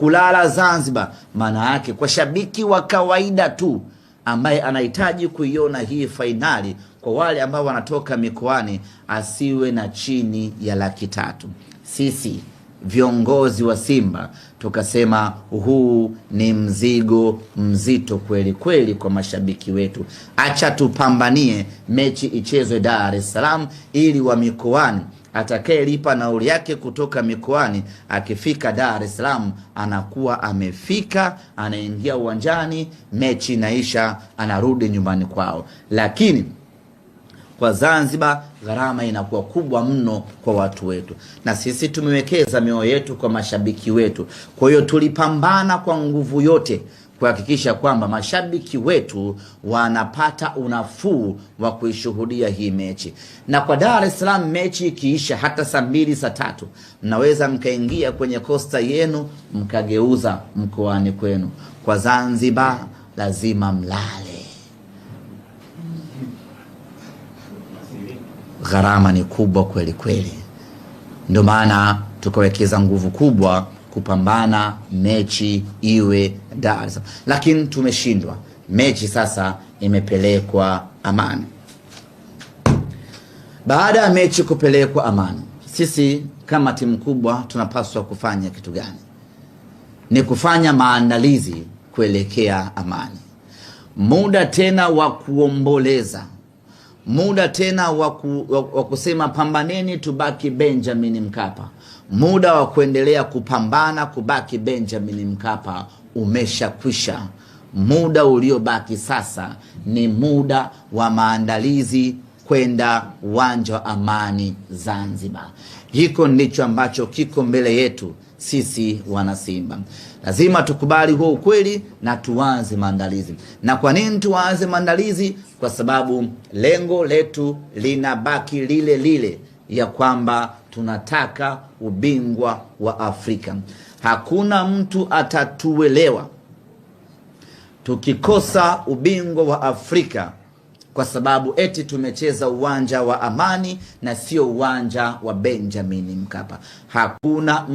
kulala Zanzibar, maana yake kwa shabiki wa kawaida tu ambaye anahitaji kuiona hii fainali, kwa wale ambao wanatoka mikoani, asiwe na chini ya laki tatu. Sisi viongozi wa Simba tukasema huu ni mzigo mzito kweli kweli kwa mashabiki wetu, acha tupambanie mechi ichezwe Dar es Salaam ili wa mikoani Atakayelipa nauli yake kutoka mikoani akifika Dar es Salaam, anakuwa amefika, anaingia uwanjani, mechi inaisha, anarudi nyumbani kwao. Lakini kwa Zanzibar gharama inakuwa kubwa mno kwa watu wetu, na sisi tumewekeza mioyo yetu kwa mashabiki wetu. Kwa hiyo tulipambana kwa nguvu yote kuhakikisha kwamba mashabiki wetu wanapata unafuu wa kuishuhudia hii mechi. Na kwa Dar es Salaam mechi ikiisha hata saa mbili saa tatu mnaweza mkaingia kwenye kosta yenu mkageuza mkoani kwenu. Kwa Zanzibar lazima mlale, gharama ni kubwa kweli kweli, ndio maana tukawekeza nguvu kubwa kupambana mechi iwe Dar es Salaam, lakini tumeshindwa. Mechi sasa imepelekwa Amani. Baada ya mechi kupelekwa Amani, sisi kama timu kubwa tunapaswa kufanya kitu gani? Ni kufanya maandalizi kuelekea Amani, muda tena wa kuomboleza muda tena wa kusema pambaneni tubaki Benjamin Mkapa, muda wa kuendelea kupambana kubaki Benjamin Mkapa umeshakwisha. Muda uliobaki sasa ni muda wa maandalizi kwenda uwanja wa Amani Zanzibar. Hiko ndicho ambacho kiko mbele yetu sisi wanasimba lazima tukubali huo ukweli na tuanze maandalizi. Na kwa nini tuanze maandalizi? Kwa sababu lengo letu linabaki lile lile, ya kwamba tunataka ubingwa wa Afrika. Hakuna mtu atatuelewa tukikosa ubingwa wa Afrika kwa sababu eti tumecheza uwanja wa Amani na sio uwanja wa Benjamin Mkapa. Hakuna